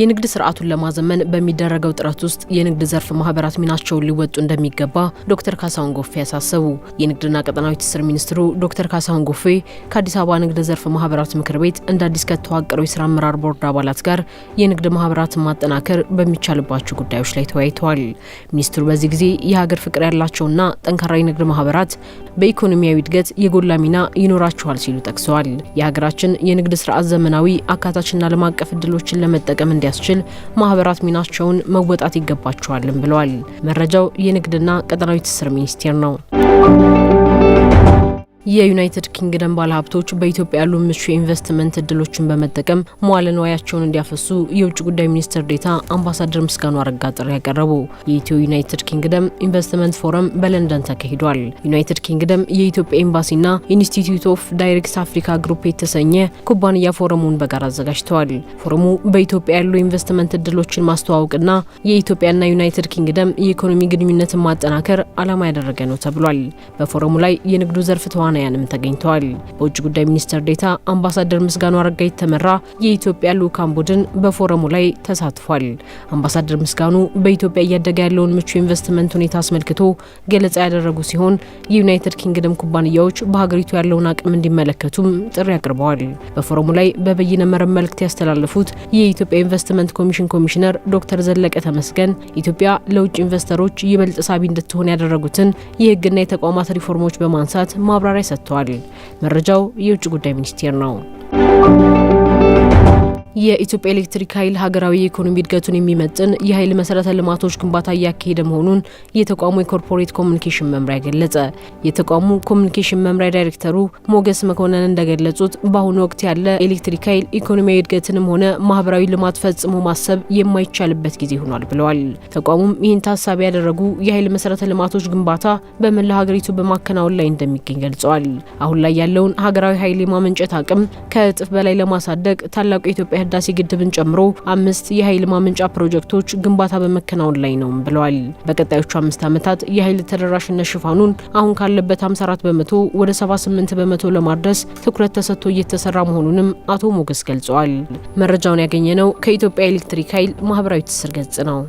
የንግድ ስርዓቱን ለማዘመን በሚደረገው ጥረት ውስጥ የንግድ ዘርፍ ማህበራት ሚናቸውን ሊወጡ እንደሚገባ ዶክተር ካሳሁን ጎፌ ያሳሰቡ። የንግድና ቀጠናዊ ትስስር ሚኒስትሩ ዶክተር ካሳሁን ጎፌ ከአዲስ አበባ ንግድ ዘርፍ ማህበራት ምክር ቤት እንደ አዲስ ከተዋቀረው የስራ አመራር ቦርድ አባላት ጋር የንግድ ማህበራትን ማጠናከር በሚቻልባቸው ጉዳዮች ላይ ተወያይተዋል። ሚኒስትሩ በዚህ ጊዜ የሀገር ፍቅር ያላቸውና ጠንካራ የንግድ ማህበራት በኢኮኖሚያዊ እድገት የጎላ ሚና ይኖራቸዋል ሲሉ ጠቅሰዋል። የሀገራችን የንግድ ስርዓት ዘመናዊ አካታችና ዓለም አቀፍ እድሎችን ለመጠቀም እንዲያስችል ማህበራት ሚናቸውን መወጣት ይገባቸዋልም ብለዋል። መረጃው የንግድና ቀጠናዊ ትስስር ሚኒስቴር ነው። የዩናይትድ ኪንግደም ባለሀብቶች በኢትዮጵያ ያሉ ምቹ የኢንቨስትመንት እድሎችን በመጠቀም መዋለ ንዋያቸውን እንዲያፈሱ የውጭ ጉዳይ ሚኒስትር ዴታ አምባሳደር ምስጋኑ አረጋ ጥሪ ያቀረቡ። የኢትዮ ዩናይትድ ኪንግደም ኢንቨስትመንት ፎረም በለንደን ተካሂዷል። ዩናይትድ ኪንግደም የኢትዮጵያ ኤምባሲና ኢንስቲትዩት ኦፍ ዳይሬክት አፍሪካ ግሩፕ የተሰኘ ኩባንያ ፎረሙን በጋራ አዘጋጅተዋል። ፎረሙ በኢትዮጵያ ያሉ ኢንቨስትመንት እድሎችን ማስተዋወቅና የኢትዮጵያና ዩናይትድ ኪንግደም የኢኮኖሚ ግንኙነትን ማጠናከር ዓላማ ያደረገ ነው ተብሏል። በፎረሙ ላይ የንግዱ ዘርፍ ተዋ ተዋናያንም ተገኝተዋል። በውጭ ጉዳይ ሚኒስትር ዴታ አምባሳደር ምስጋኑ አረጋ የተመራ የኢትዮጵያ ልዑካን ቡድን በፎረሙ ላይ ተሳትፏል። አምባሳደር ምስጋኑ በኢትዮጵያ እያደገ ያለውን ምቹ ኢንቨስትመንት ሁኔታ አስመልክቶ ገለጻ ያደረጉ ሲሆን የዩናይትድ ኪንግደም ኩባንያዎች በሀገሪቱ ያለውን አቅም እንዲመለከቱም ጥሪ አቅርበዋል። በፎረሙ ላይ በበይነ መረብ መልእክት ያስተላለፉት የኢትዮጵያ ኢንቨስትመንት ኮሚሽን ኮሚሽነር ዶክተር ዘለቀ ተመስገን ኢትዮጵያ ለውጭ ኢንቨስተሮች ይበልጥ ሳቢ እንድትሆን ያደረጉትን የህግና የተቋማት ሪፎርሞች በማንሳት ማብራሪያ ሰጥተዋል። መረጃው የውጭ ጉዳይ ሚኒስቴር ነው። የኢትዮጵያ ኤሌክትሪክ ኃይል ሀገራዊ የኢኮኖሚ እድገቱን የሚመጥን የኃይል መሰረተ ልማቶች ግንባታ እያካሄደ መሆኑን የተቋሙ የኮርፖሬት ኮሚኒኬሽን መምሪያ ገለጸ። የተቋሙ ኮሚኒኬሽን መምሪያ ዳይሬክተሩ ሞገስ መኮንን እንደገለጹት በአሁኑ ወቅት ያለ ኤሌክትሪክ ኃይል ኢኮኖሚያዊ እድገትንም ሆነ ማህበራዊ ልማት ፈጽሞ ማሰብ የማይቻልበት ጊዜ ሆኗል ብለዋል። ተቋሙም ይህን ታሳቢ ያደረጉ የኃይል መሰረተ ልማቶች ግንባታ በመላ ሀገሪቱ በማከናወን ላይ እንደሚገኝ ገልጸዋል። አሁን ላይ ያለውን ሀገራዊ ኃይል የማመንጨት አቅም ከእጥፍ በላይ ለማሳደግ ታላቁ የኢትዮጵያ የህዳሴ ግድብን ጨምሮ አምስት የኃይል ማመንጫ ፕሮጀክቶች ግንባታ በመከናወን ላይ ነው ብለዋል። በቀጣዮቹ አምስት ዓመታት የኃይል ተደራሽነት ሽፋኑን አሁን ካለበት 54 በመቶ ወደ 78 በመቶ ለማድረስ ትኩረት ተሰጥቶ እየተሰራ መሆኑንም አቶ ሞገስ ገልጸዋል። መረጃውን ያገኘነው ከኢትዮጵያ ኤሌክትሪክ ኃይል ማህበራዊ ትስስር ገጽ ነው።